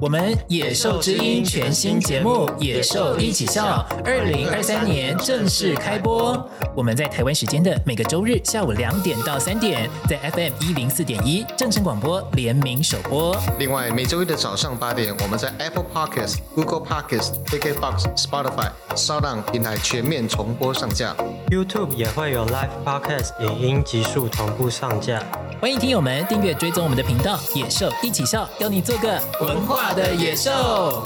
我們《野獸之音》全新節目《野獸藝起肖》，二零二三年正式開播。我們在台灣時間的每個周日下午兩點到三點，在 FM 一零四點一正聲廣播聯名首播。另外，每周一的早上八點，我們在 Apple Podcasts、Google Podcasts、KKBOX、Spotify、SoundOn 平台全面重播上架。YouTube 也會有 Live Podcasts 影音集數同步上架。歡迎聽友們訂閱追蹤我們的頻道，野獸藝起肖，要你做個文化的野獸。